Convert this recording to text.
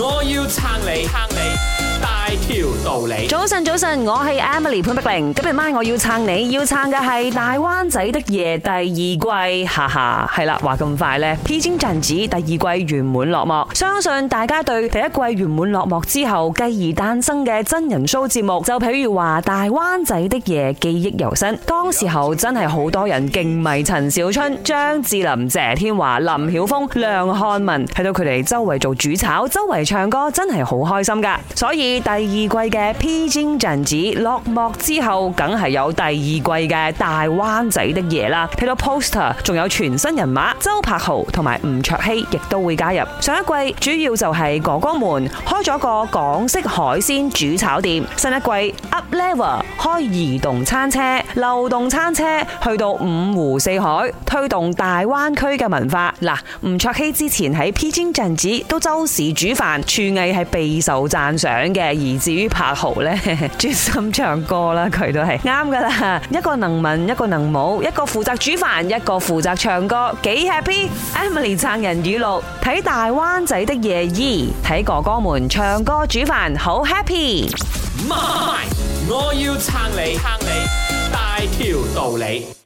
我要撐你撐你大條道理。早晨早晨，我係 Emily 潘碧玲。今日晚我要撐你，要撐嘅係《大灣仔的夜》第二季。哈 哈，係啦，話咁快咧，《披荊陣子》第二季完滿落幕。相信大家對第一季完滿落幕之後繼而誕生嘅真人 show 節目，就譬如話《大灣仔的夜》，記憶猶新。當時候真係好多人敬迷陳小春、張智霖、謝天華、林曉峰、梁漢文，睇到佢哋周圍做主炒，周圍。周圍長哥真係好開心噶，所以第二季嘅《P J 陣子》落幕之後，梗係有第二季嘅《大灣仔的夜》啦。睇到 poster，仲有全新人馬周柏豪同埋吳卓羲亦都會加入。上一季主要就係哥哥們開咗個港式海鮮煮炒店，新一季 up level 開移動餐車、流動餐車，去到五湖四海，推動大灣區嘅文化。嗱，吳卓羲之前喺《P J 陣子》都周時煮飯。廚藝係備受讚賞嘅，而至於柏豪呢，專 心唱歌啦，佢都係啱噶啦。一個能文，一個能武，一個負責煮飯，一個負責唱歌，幾 happy。 Emily 撐人語錄，睇大灣仔的夜衣，睇哥哥們唱歌煮飯，好 happy。My, 我要撐你，撐你大條道理。